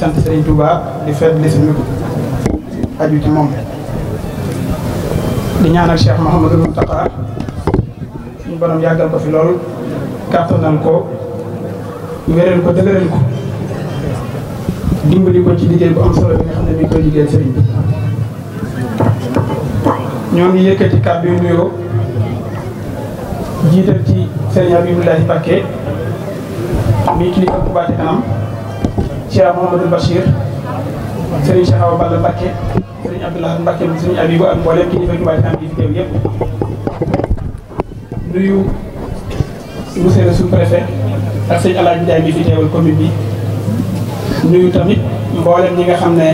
sant Serigne Touba di fet li suñu aju ci moom di ñaanal Cheikh Mouhamadou Mountakha suñu borom yàggal ko fi lool kàttanal ko wéral ko dëgëral ko dimbali ko ci liggéey bu am solo bi nga xam ne mi ngi koy bi ñoo ngi yëkkati kàddu yu nuyoo jiital ci Serigne Abibulahi Mbacké mi kilifa Touba ca kanam Cheikh Mouhamadou Bachir sëriñ Cheikh Awa Balla Mbacke sëriñ Abdoulaye Mbacke ak mboolem kilifa gi waaye fi teew yëpp nuyu monsieur le sous-préfet ak sëñ Alaaji Ndiaye mi fi teewal bi nuyu tamit mboolem ñi nga xam ne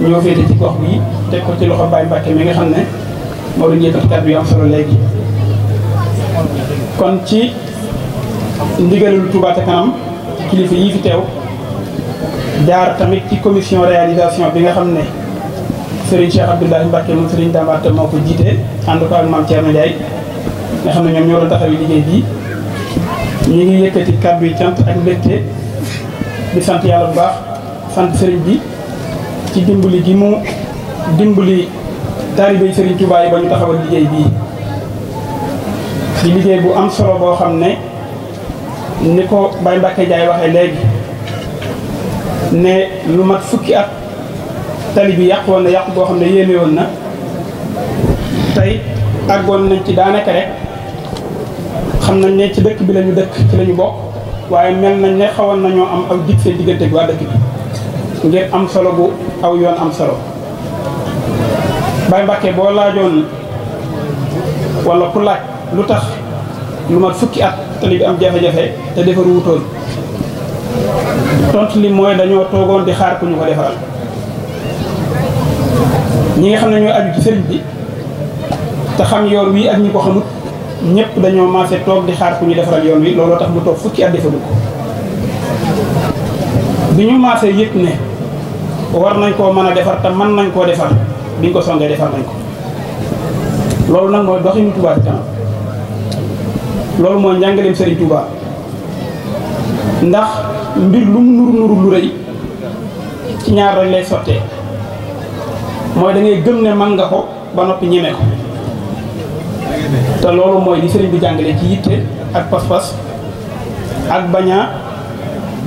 ñoo féete ci gox bi teg ko ci loxo Baye Mbacke mi nga xam ne moo doon yëkkati kàddu yu am solo léegi kon ci ndigalul Touba kanam kilifa yii fi teew jaar tamit ci commission réalisation bi nga xam ne Serigne Cheikh Abdoulahi Mbacke moom Serigne Damaat moo ko jiite ànd ko ak maam Thierno Ndiaye nga xam ne ñoom ñoo doon taxawii liggéey bii ñu ngi yëkkati kàddu yi cant ak mbégte di sant yàlla bu baax sant sëriñ bi ci dimbali gi mu dimbali taalibe Serigne Touba yi ba ñu taxawal liggéey bii di liggéey bu am solo boo xam ne ni ko Baye Mbacke Ndiaye waxee léegi. ne lu mat fukki at tali bi yàq na yàq boo xam ne yéeme woon na tey àggoon nañ ci daanaka rek xam nañ ne ci dëkk bi lañu dëkk ci lañu bokk waaye mel nañ ne xawoon nañoo am aw dig seen diggante bi waa dëkk bi ngir am solo bu aw yoon am solo Baye Mbacké boo laajoon wala ku laaj lu tax lu mat fukki at tali bi am jafe-jafe te defaru wutoon tont li mooy dañoo toogoon di xaar ku ñu ko defaral ñi nga xam ne ñooy aju ci sëriñ bi te xam yoon wii ak ñi ko xamut ñëpp dañoo maase toog di xaar ku ñu defaral yoon wi looloo tax mu toog fukki at defalu ko bi ñu maase yëpp ne war nañ koo mën a defar te mën nañ koo defar bi ñu ko songee defar nañ ko loolu nag mooy doxinu Touba ci kanam loolu mooy njàngaleem sëriñ Touba ndax mbir lu mu nuru nuru lu rëy ci ñaar rek lay sottee mooy dangay ngay ne man nga ko ba noppi ñeme ko te loolu mooy li sëriñ bi jàngale ci yitte ak pas-pas ak bañaa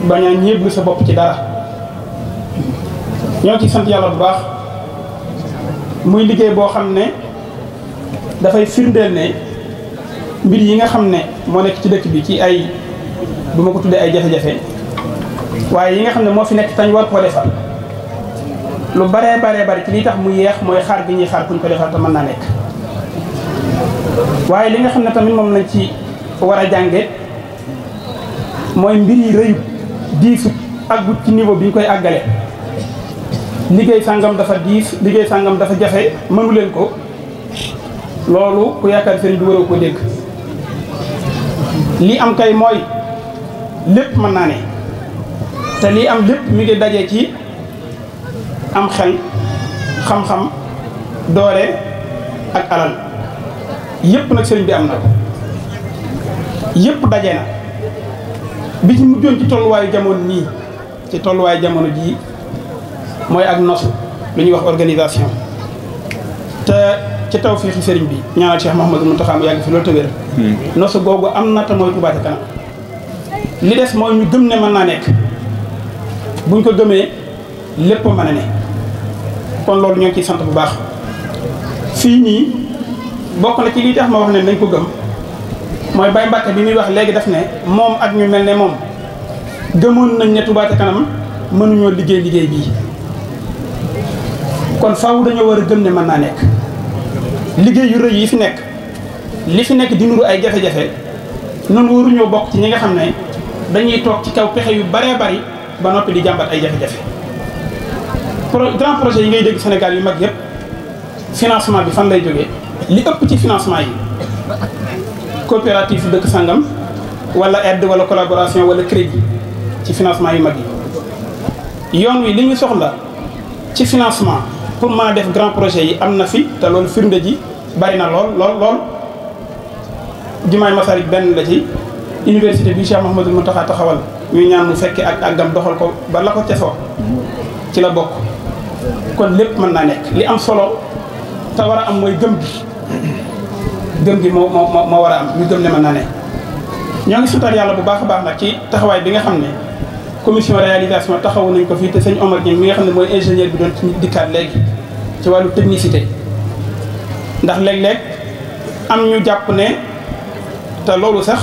bañaa ñéeblu sa bopp ci dara ñoo ci sant yàlla bu baax muy liggéey boo xam ne dafay firndeel ne mbir yi nga xam ne moo nekk ci dëkk bi ci ay du ma ko tuddee ay jafe-jafe waaye yi nga xam ne moo fi nekk tañ war koo defal lu baree baree bari ci li tax mu yeex mooy xaar bi ñuy xaar kuñ ko defal te mën naa nekk waaye li nga xam ne tamit moom lañ ci war a jànge mooy mbir yi rëyu diisu àggut ci niveau bi ñu koy àggale liggéey sàngam dafa diis liggéey sàngam dafa jafe mënu leen ko loolu ku yaakaar sëriñ bi waroo ko dégg li am kay mooy lépp mën naa ne te lii am lépp mi ngi daje ci am xel xam-xam doole ak alal yëpp nag sëriñ bi am na ko yëpp daje na bi ci mujjoon ci tolluwaayu jamono nii ci tolluwaayu jamono jii mooy ak nosu lu ñuy wax organisation te ci taw fiixi sëriñ bi ñaanal Cheikh Mouhamadou Mountakha mu yàgg fi loolu tëwéer hmm. nosu googu am na te mooy Touba kanam li des mooy ñu gëm ne mën naa nekk buñ ko gëmee lépp mën a ne kon loolu ñoo ngi ciy sant bu baax fii nii bokk na ci lii tax ma wax ne nañ ko gëm mooy Baye Mbacke bi muy wax léegi def ne moom ak ñu mel ne moom gëmoon nañ ne Touba Kanam mënuñoo liggéey liggéey bii kon faaw dañoo war a gëm ne mën naa nekk liggéey yu rëy yi fi nekk li fi nekk di nuru ay jafe-jafe noonu waruñoo bokk ci ñi nga xam ne dañuy toog ci kaw pexe yu baree bari ba noppi di jàmbat ay jafe-jafe grand projet yi ngay dégg Sénégal yu mag yëpp financement bi fan lay jógee li ëpp ci financement yi coopérative dëkk sangam wala aide wala collaboration wala crédit ci financement yi mag yi yoon wi li ñu soxla ci financement pour maa def grand projet yi am na fi te loolu firnde ji bari na lool lool lool jumaay Masaalik benn la ci université bi Cheikh Mouhamadoul Mountakha taxawal ñuy ñaan mu fekkee ak àggam doxal ko ba la ko ca soo ci la bokk kon lépp mën naa nekk li am solo te war a am mooy gëm gi gëm gi moo moo moo war a am ñu gëm ne mën naa nekk ñoo ngi sutal yàlla bu baax a baax nag ci taxawaay bi nga xam ne commission réalisation taxawu nañ ko fii te sëñ Omar Dieng mi nga xam ne mooy ingénieur bi doon dikkaat léegi ci wàllu technicité ndax léeg-léeg am ñu jàpp ne te loolu sax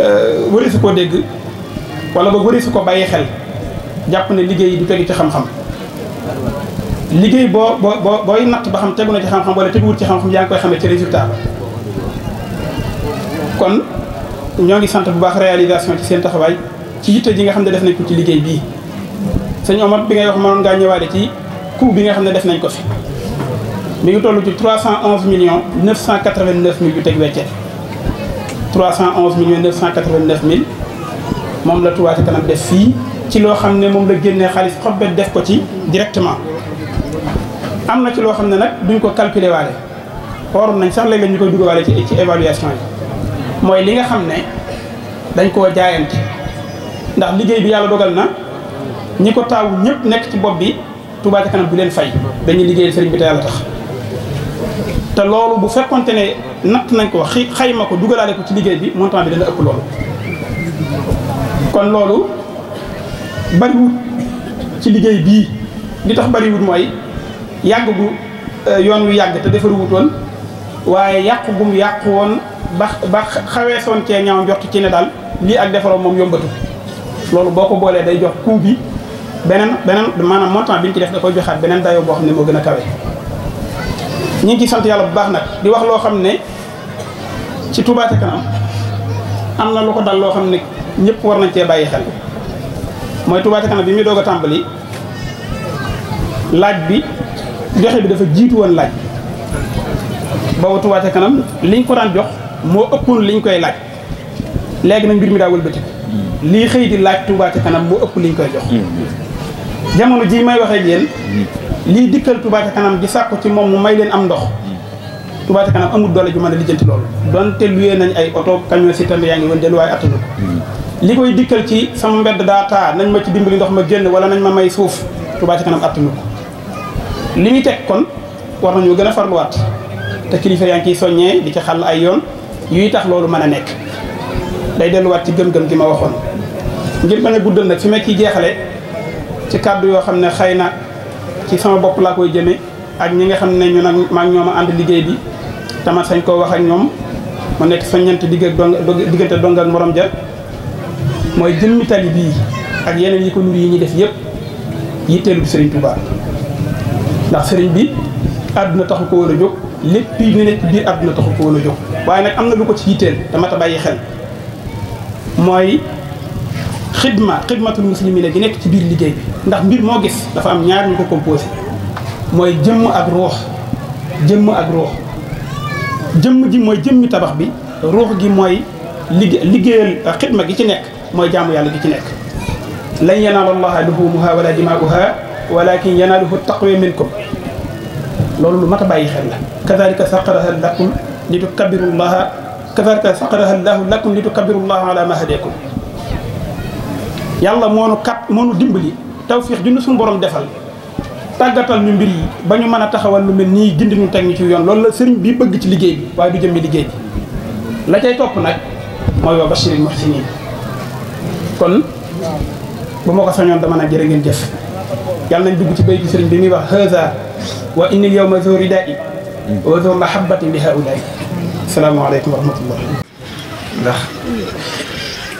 euh, wëri su koo dégg wala ba bëri su ko bàyyi xel jàpp ne liggéey yi du tegu ci xam-xam liggéey boo boo booy natt ba xam tegu na ci xam-xam wala teguwul ci xam-xam yaa ngi koy ne ci résultat kon ñoo ngi sant bu baax réalisation ci seen taxawaay ci yitte ji nga xam ne def nañ ko ci liggéey bii sëñ Omar bi ngay wax mënoon ngaa ñëwaale ci coût bi nga xam ne def nañ ko fi mi ngi tollu ci 311 millions 989 mille yu teg weccee 311 millions 989 mille moom la Touba ca kanam def fii ci loo xam ne moom la génnee xaalis xobbet def ko ci directement am na ci loo xam ne nag duñ ko calculer waale waroon nañ sax léeg-léeg ñu koy dugawaale ci ci évaluation yi mooy li nga xam ne dañ koo jaayante ndax liggéey bi yàlla dogal na ñi ko taaw ñëpp nekk ci bopp bi Touba ca kanam du leen fay dañuy liggéeyal sëriñ bi te yàlla tax te loolu bu fekkonte ne natt nañ ko xi xayma ko dugalaale ko ci liggéey bi montant bi dana ëpp loolu kon loolu bariwut ci liggéey bii li tax bariwut mooy yàgg gu euh, yoon wi yàgg te defaruwut woon waaye yàqu gum yàqu woon ba ba xawee soon cee ñaaw njort ci ne daal lii ak defaroon moom yombatu loolu boo ko boolee day jox coût bi beneen beneen maanaam montant bi ñu ci def da koy joxaat beneen dayo boo xam ne moo gën a kawe. ñu ngi sant yàlla bu baax nag di wax loo xam ne ci Touba kanam am na lu ko dal loo xam ne. ñëpp war nañ cee bàyyi xel mooy Touba ca kanam bi muy doog a tàmbali laaj bi joxe bi dafa jiitu woon laaj boobu Touba kanam liñ ko daan jox moo ëppoon liñ koy laaj léegi nag mbir mi daa wëlbati lii xëy di laaj Touba ca kanam moo ëpp liñ koy jox mm. jamono ji may waxee jeen mm. lii dikkal Touba ca kanam di sàkku ci moom mu may leen am ndox mm. Touba ca kanam amul doole ju mën a lijjanti loolu donte luyee nañ ay oto camion si tamit yaa ngi woon delluwaay attanu ko li koy dikkal ci sama mbedd daa taa nañ ma ci dimbali ndox ma génn wala nañ ma may suuf Touba ci kanam attanu ko li ñu teg kon war nañu gën a farluwaat te kilifa yaa ngi ciy soññee di ci xal ay yoon yuy tax loolu mën a nekk day delluwaat ci gëm-gëm gi ma waxoon ngir bañ a guddal nag fi ma ciy jeexale ci kàddu yoo xam ne xay na ci sama bopp laa koy jëme ak ñi nga xam ne ñu nag maa ngi ñoom a ànd liggéey bi tama sañ koo wax ak ñoom mu nekk soññante digg diggante dong ak morom ja mooy jëmmi tali bii ak yeneen yi yi ñuy def yëpp yitteelu sëriñ Touba ndax sëriñ bi àdduna taxu ko woon a jóg lépp yi àdduna taxu ko woon a jóg waaye nag na lu ko ci yitteel dama ta bàyyi xel mooy xidma xidmatul muslimina gi nekk ci biir liggéey ndax mbir moo gis dafa am ñaar ko composé mooy jëmm ak ruux jëmm ak ruux jëmm ji mooy jëmmi tabax bi ruux gi mooy liggéey liggéeyal xidma gi ci nekk mooy jaamu yàlla gi ci nekk lan yanaala allaha luhuumuha wala dimaaguha walakin yanaaluhu taqwa minkum loolu lu mat a bàyyi xel la kadalika saqaraha lakum li tukabbiru llaha kadalika saqaraha llahu lakum li tukabbiru llaha ala ma hadakum yàlla moo nu kat moo nu dimbali tawfiix di nu suñu borom defal tàggatal ñu mbir yi ba ñu mën a taxawal lu mel nii gindi ñu teg ñu ci yoon loolu la sëriñ bi bëgg ci liggéey bi waaye du jëmmi liggéey bi la cay topp nag mooy wa kon bu ma ko soñoon dama nag jërë ngeen jëf yàlla nañ dugg ci bay bi sëriñ bi muy wax haza wa inil yawma zo ridai wa zo mahabbatin li haulai salaamaaleykum wa rahmatullah ndax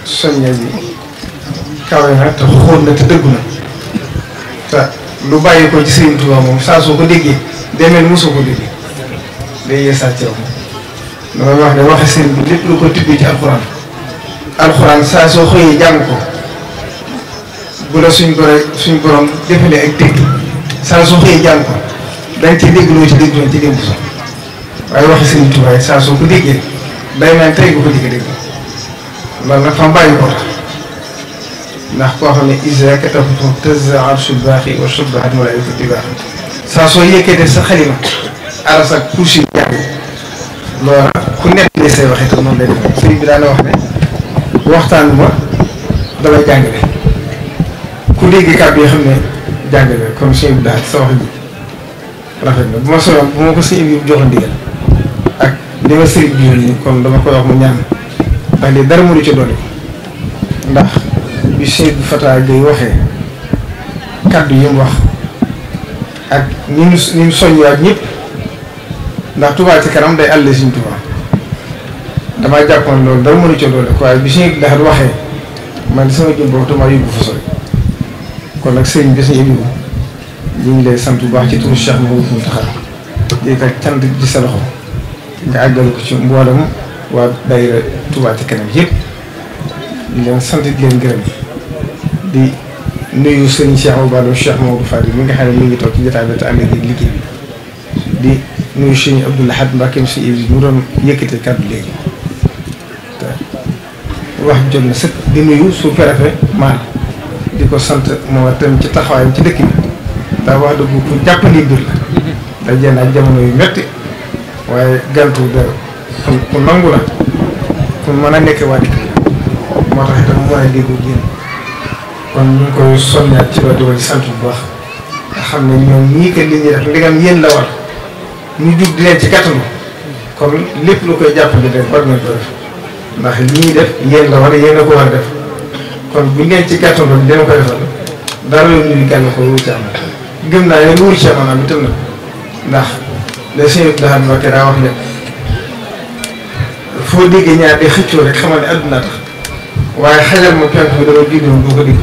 soññe bi kawe na te xóot na te dëggu na te lu bàyyi ci sëriñ Tuubaa moom saa soo ko déggee demee mosoo ko déggee day yeesaat ci yow damay wax ne waxe sëriñ bu lépp lu ko tibbee ci alxuraan alxuraan saa soo xëyee jàng ko bu la suñ borom suñ borom defalee ak tëgg saa soo xëyee jàng ko dañ ci dégg loo ci dégg doon ci démb sax waaye waxi Sëriñ Tuubaa fam bàyyi ko ndax koo xam ne ISRA kat a ko tëzzaal suuf baax yi wala suuf baax yi wala ay di saa soo yëkkatee sa xalima aras ak kursi jàng ku nekk ne say waxee te noonu lay def sëriñ bi daan wax ne. waxtaan ma damay jàngale ku dégg kàddu yi xam ne jàngale kon sëñ bi daal sa wax ji rafet na bu ma soxla bu ma ko sëñ bi joxoon digal ak li ma sëriñ bi nii kon dama koy wax mu ñaan ndax lii dara mënu ci dolli ndax bi sëñ bi Fataa Gueye waxee kàddu yi mu wax ak ni mu ni mu soññiwaat ñëpp ndax Touba ci kanam day àll Sëñ Touba damaa jàppoon loolu dara mënu ca doole waaye bi suñu daxat waxee man sama jëm boobu damaa yóbbu fa kon nag sëriñ bi suñu yëngu ñu sant bu baax ci turu Cheikh Mouhamadou Mountakha di ko ci sa loxo nga àggal ko ci Kanam yëpp di leen sant di leen di nuyu sëriñ Cheikh Oubalou Cheikh Maodo Fadi mi nga xam ne mi ngi toog ci jotaay bi te ànd ak liggéey bi di nuyu sëriñ Abdoul Ahad Mbacké si mu doon yëkkate kàddu léegi. wax jot na sëkk di nuyu sous-préfet Mar di ko sant moo tam ci taxawaayam ci dëkk bi ndax wax dëgg bu jàppandi mbir la dajee naa jamono yu metti waaye gantu de ku nangu la ku mën a nekk waa dëkk moo tax itam mën a déggu génn kon ñu koy soññaat ci loolu di sant bu baax nga xam ne ñoom ñii que li ñuy def ndegam yéen la war ñu jug di leen ci kattanu kon lépp lu koy jàppandi rek war nañ ko def ndax li ñuy def yéen la war a yéen ko war def kon buñ leen ci gàttal rek dina ko defal dara lu ñu gànn ko wut ci am gëm naa ne lu wut ci am maanaam itam na ndax le sëñ Abdoulaye Mbacké daa wax ne foo déggee ñaar di xëccoo rek xamal ne adduna tax waaye xajal ma penk bi dama jiidoon boo ko dégg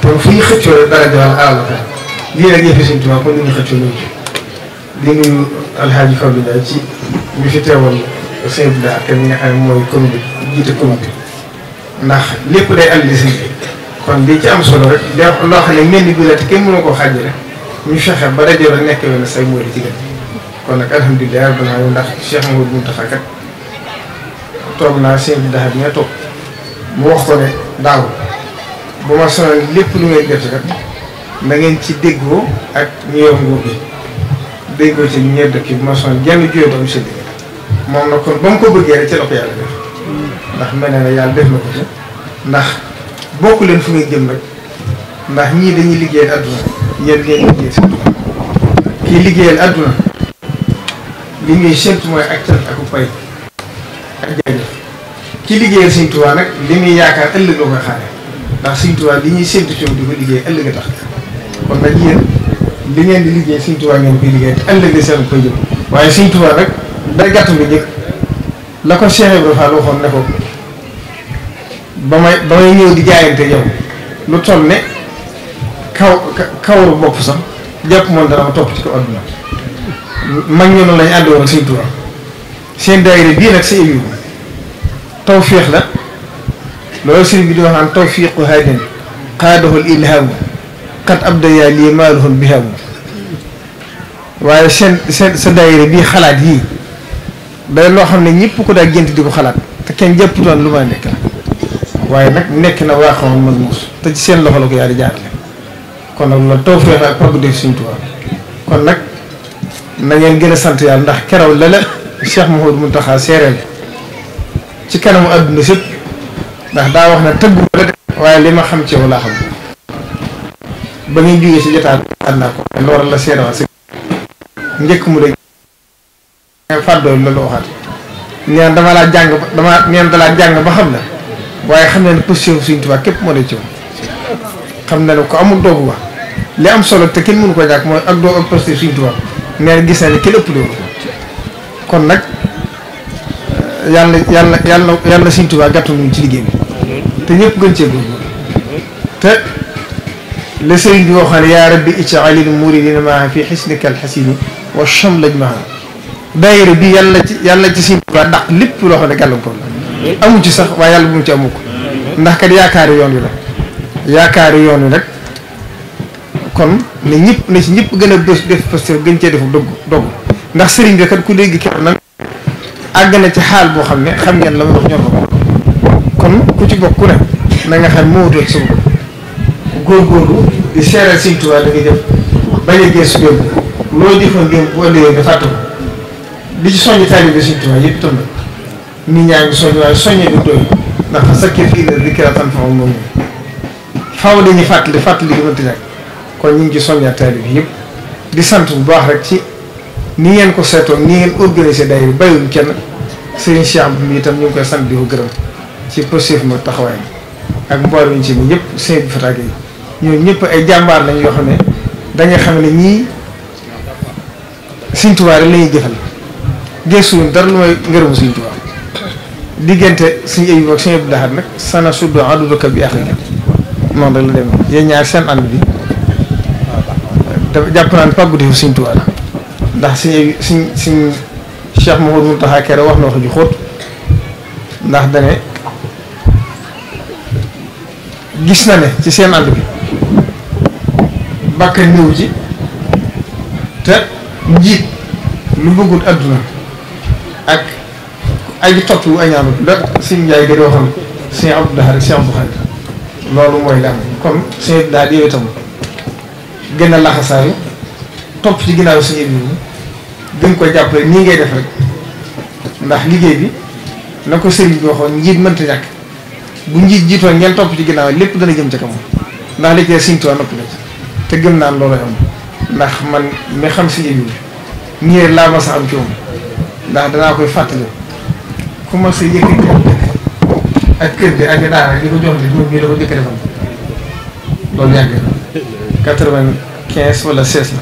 kon fu xëccoo rek dara jawal alal la lii nag yëfi sëñ ci di nuyu Alxaaji Fabila ci ñu fi teewal sëñ bi daal te mi nga xam ne mooy commune bi jiite commune ndax lépp day andi sëñ bi kon li ci am solo rek di loo xam ne mel ni bi la te kenn mënu koo xàjjale ñu fexe ba dajee la nekk wenn say moo di ci gën kon nag alhamdulilah rabbil alamin ndax Cheikh Mawud Mountakha kat toog naa sëñ bi daal dina mu wax ko ne daaw bu ma sonal lépp lu ngeen def kat na ngeen ci déggoo ak ñu yor nguur gi déggoo ci ñebe kii bu ma sonal jenn juyoo ba monsieur moom nag kon ba mu ko bëggee rek ci la ko yàlla def ndax mel na yàlla def na ko ci ndax bokk leen fi ngeen jëm rek ndax ñii dañuy liggéeyal àdduna yéen liggéey seen kii liggéeyal àdduna li muy séntu mooy ak cant ak pay ak jaajëf ki liggéeyal Sëñ Tuubaa nag li muy yaakaar ëllëg la koy xaare ndax Sëñ li ñuy séntu ci di ko liggéey ëllëg a tax kon nag yéen li ngeen di liggéey Sëñ Tuubaa ngeen koy liggéey te ëllëg la seen koy jëm waaye Sëñ Tuubaa rek. day gàttu bi njëkk la ko Cheikh Ibrahima Fall waxoon ne ko ba may ba may ñëw di jaayante yow lu toll ne kaw kawaru bopp sax jàpp moom dara ma topp ci ko àdduna mag ñu noonu lañu àndi woon Sëñ seen daayira bii nag sa émi tawfiix la loolu sëriñ bi di wax naan tawfiiqu haadin qaadahul ilhaamu qad abdaya lii maaluhul bihaamu waaye seen sa daayira bii xalaat yii day loo xam ne ñëpp ko daa gént di ko xalaat te kenn jàpputoon lu ma nekk la waaye nag nekk na waa xamoon mas muus te ci seen loxo la ko yaa di jaarale kon nag loolu tawfeex ak pagdef kon nag na ngeen gën a sant yàlla ndax keroog la la Cheikh Mouhamadou Mountakha seereel ci kanamu àdduna sëpp ndax daa wax na tëggu la de waaye li ma xam ci yow laa xam ba ngay jógee si jotaat naa ko loolu la seerewaat si njëkk mu de fàddoo la la waxaat neen dama laa jàng ba dama neen dalaa jàng ba xam na waaye xam ne ne position suñu tubaab képp moo ne ci moom xam na ne ko amul doogu ba li am te kenn mënu ko ñàkk mooy ak doo ak position suñu tubaab neen gis na ne kenn ëpp loolu kon nag eh, yàlla yàlla yàlla yàlla tubaab gàttu ñu ci liggéey bi te ñëpp gën cee te le sëriñ bi waxoon yaa rabbi ij'alil muridina maa fi xisnikal xasini wa chamlaj maa daayira bi yàlla ci yàlla ci si ba daq lépp loo xam ne gàllankoor la amu ci sax waaye yàlla bu mu ci amu ko ndax kat yaakaari yoon wi la yaakaari yoon wi nag kon ne ñëpp na ci ñëpp gën a bés def parce que gën cee defu dogg dogg ndax sëriñ bi kat ku léegi keroog nan àgg na ci xaal boo xam ne xam ngeen la ma wax ñor la kon ku ci bokk ku ne na nga xam moo wuteeg suñu góorgóorlu di seeral Sëriñ Tuubaa da nga jëf bañ a gëstu démb loo jëfoon démb di ci soññ taalibe Sëriñ Tuubaa yëpp itam la nit ñaa ngi soññ waaye soññee du doy ndax fa sakkee fii la di kira tan faw moom ñi faw dañuy fàttali fàttali gi mënti ñàkk kon ñu ngi ci soññaat taalibe yëpp di sant bu baax rek ci ni ngeen ko seetoon ni ngeen organisé day bi bàyyiwuñ kenn Serigne Cheikh bi itam ñu ngi koy sant di ko gërëm ci positif ma taxawaay ak mboolem ñu ci bi ñëpp sëñ bi fataake yi ñooñu ñëpp ay jàmbaar lañ yoo xam ne danga xam ne ñii Sëriñ Tuubaa rek la ñuy gëstuwuñ dara lu may ngërëmu Sëriñ Tuubaa diggante suñu ayib ak suñu daxar nag sana suddo aduduka bi ak ñaar seen ànd bi dafa jàpp naa ne pàggu defu la wax na wax ju xóot gis na ne ci seen ànd bi bàkka ñëw ji te njiit lu bëggul àdduna ak ak topp yu añaanu da sëñ Njaay gën a waxoon sëñ Abdou Dahar loolu mooy daan comme sëñ daal di yooyu tam gën ci ginnaaw sëñ bi gën ko jàppale nii ngay def rek ndax liggéey bi na ko sëriñ bi waxoon njiit mënta ñàkk bu njiit jiitoo ngeen topp ci ginnaaw lépp dana jëm ci kanam ndax li ci sëñ noppi la te gëm naan loolu am ndax man mi xam sëñ bi ñëwee laa ma sa am ci ndax danaa koy fàttali ku ma ak kër gi ak daara di ko jox di ñoom ñu la ko jëkk defal loolu yàgg na quatre-vingt-quinze wala seize la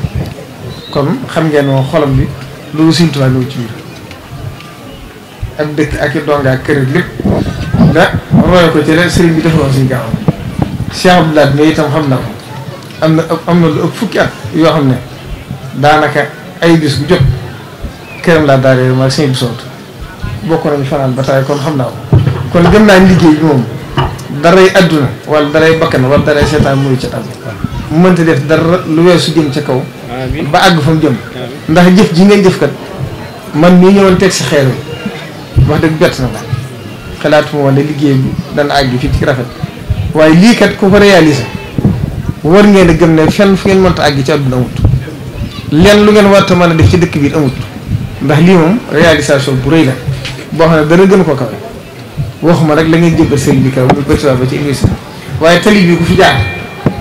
kon xam ngeen moom xolam bi loolu Sëriñ Tuubaa ñëw ci biir ak dëkk ak i donga ak kër gi lépp nga roye ko ci la sëriñ bi defaloon suñu gaaw Cheikh Abdoulaye mais itam xam na ko am na am lu ëpp fukki at yoo xam ne daanaka ay bis bu jot këram laa daal réer mooy sëñ bi soot bokk nañu fanaan ba tey kon xam naa ko kon gën naa liggéey bi moom daray adduna wala daray bakkan wala daray seetaan muy ca tàmm mu mënta def dara lu weesu jëm ca kaw ba àgg fa mu jëm ndax jëf ji ngeen jëf kat man mu ñëwoon teg si xeer wax dëgg bett na xalaat xalaatuma woon ne liggéey bi dana àgg fii ci rafet waaye lii kat ku ko réalisé war ngeen a gëm ne fenn fu ngeen mënta àgg ci àdduna amut lenn lu ngeen war a mën a dëkk bi ndax lii moom réalisation bu rëy la boo xam ne dana gën ko kawe waxuma rek la ngeen jëbbal sëriñ bi kaw muy Batiwa ba ci université waaye tali bi ku fi jaar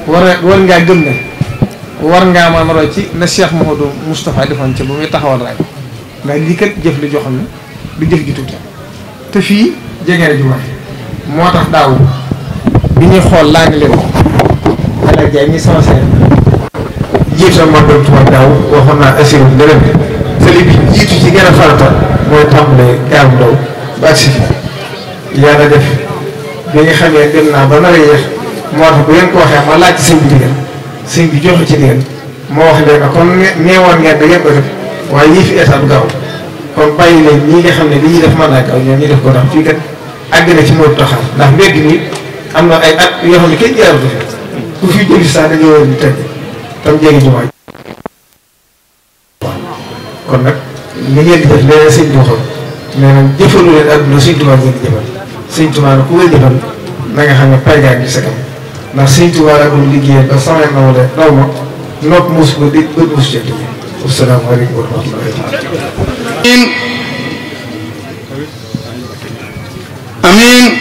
war war ngaa gëm ne war ngaa maam roy ci na Cheikh Mouhamadou Moustapha defoon ci ba muy taxawal raay ndax lii kat jëf li joo xam ne du jëf ji tuuti te fii jege na jumaa moo tax daaw bi ñuy xool laa ngi leen El Hadj Ndiaye mi sama seen jiite ma doon tubaab daaw waxoon naa assuré leneen. tali bi jiitu ci gën a farata mooy tàmbale gaaw ndaw ba si fi yàlla def bi nga xamee dem naa ba nar a yéex moo tax bu ngeen ko waxee ma laaj ci sëñ bi digal sëñ bi joxe ci digal moo wax leen kon neewoon ngeen da ngeen ko def waaye yii fi état du gaaw kon bàyyi leen ñii nga xam ne li ñuy def mën naa gaaw ñoom ñu def ko ndax fii kat àgg na ci mooy taxaw ndax mbedd mi am na ay at yoo xam ne kenn jaaratu fi ku fi jëli sax dañoo war teg tam jéggi jumaa kon nag li ngeen di def léeg-léeg sëñ bi waxoon nee na jëfandu leen àdduna sëñ Tuubaa ngeen di jëfal sëñ Tuubaa nag ku koy jëfal na nga xam ne pay gaa ngi sa kam ndax sëñ Tuubaa laa ko liggéeyal ba sama naw la daw ma nopp mos ko di bët mos jënd asalaamaaleykum wa rahmatullahi taala amiin